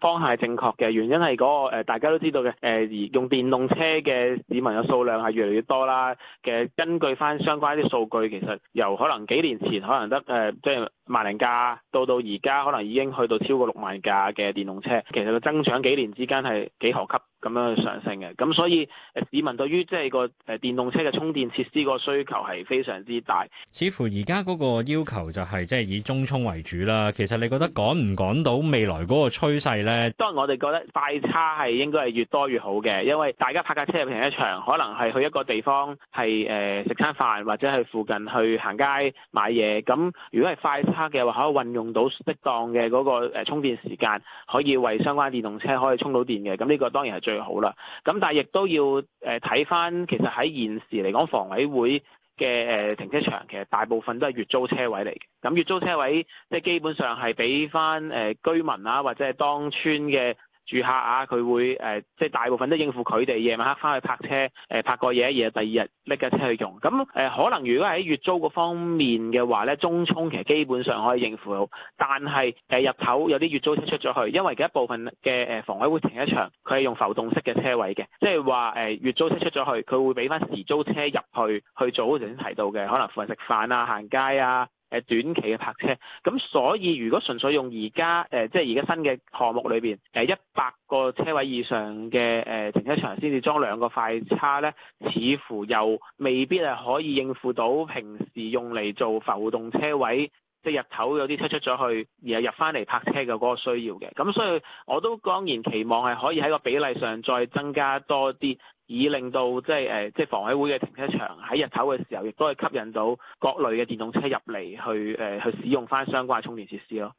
方向係正確嘅，原因係嗰、那個誒、呃，大家都知道嘅，誒、呃、而用電動車嘅市民嘅數量係越嚟越多啦。嘅根據翻相關啲數據，其實由可能幾年前可能得誒即係萬零架，到到而家可能已經去到超過六萬架嘅電動車，其實個增長幾年之間係幾何級。咁樣去上升嘅，咁所以市民對於即係個誒電動車嘅充電設施個需求係非常之大。似乎而家嗰個要求就係即係以中充為主啦。其實你覺得趕唔趕到未來嗰個趨勢咧？當然我哋覺得快叉係應該係越多越好嘅，因為大家泊架車入停車場可能係去一個地方係誒、呃、食餐飯或者係附近去行街買嘢。咁如果係快叉嘅話可以運用到適當嘅嗰個誒充電時間，可以為相關電動車可以充到電嘅。咁呢個當然係最。最好啦，咁但係亦都要誒睇翻，其實喺現時嚟講，房委會嘅誒停車場其實大部分都係月租車位嚟嘅，咁月租車位即係基本上係俾翻誒居民啦、啊，或者係當村嘅。住客啊，佢會誒，即、呃、係、就是、大部分都應付佢哋夜晚黑翻去泊車，誒、呃、泊個嘢，然後第二日拎架車去用。咁、嗯、誒、呃，可能如果喺月租嗰方面嘅話咧，中充其實基本上可以應付到。但係誒、呃、入頭有啲月租車出咗去，因為有一部分嘅誒房委會停車場，佢係用浮動式嘅車位嘅，即係話誒月租車出咗去，佢會俾翻時租車入去去做，我頭先提到嘅，可能附近食飯啊、行街啊。誒短期嘅泊車，咁所以如果純粹用而家誒，即係而家新嘅項目裏邊誒一百個車位以上嘅誒、呃、停車場，先至裝兩個快叉呢，似乎又未必係可以應付到平時用嚟做浮動車位。即係日頭有啲車出咗去，然後入翻嚟泊車嘅嗰個需要嘅，咁所以我都當然期望係可以喺個比例上再增加多啲，以令到、就是呃、即係誒即係房委會嘅停車場喺日頭嘅時候，亦都係吸引到各類嘅電動車入嚟去誒、呃、去使用翻相關嘅充電設施咯。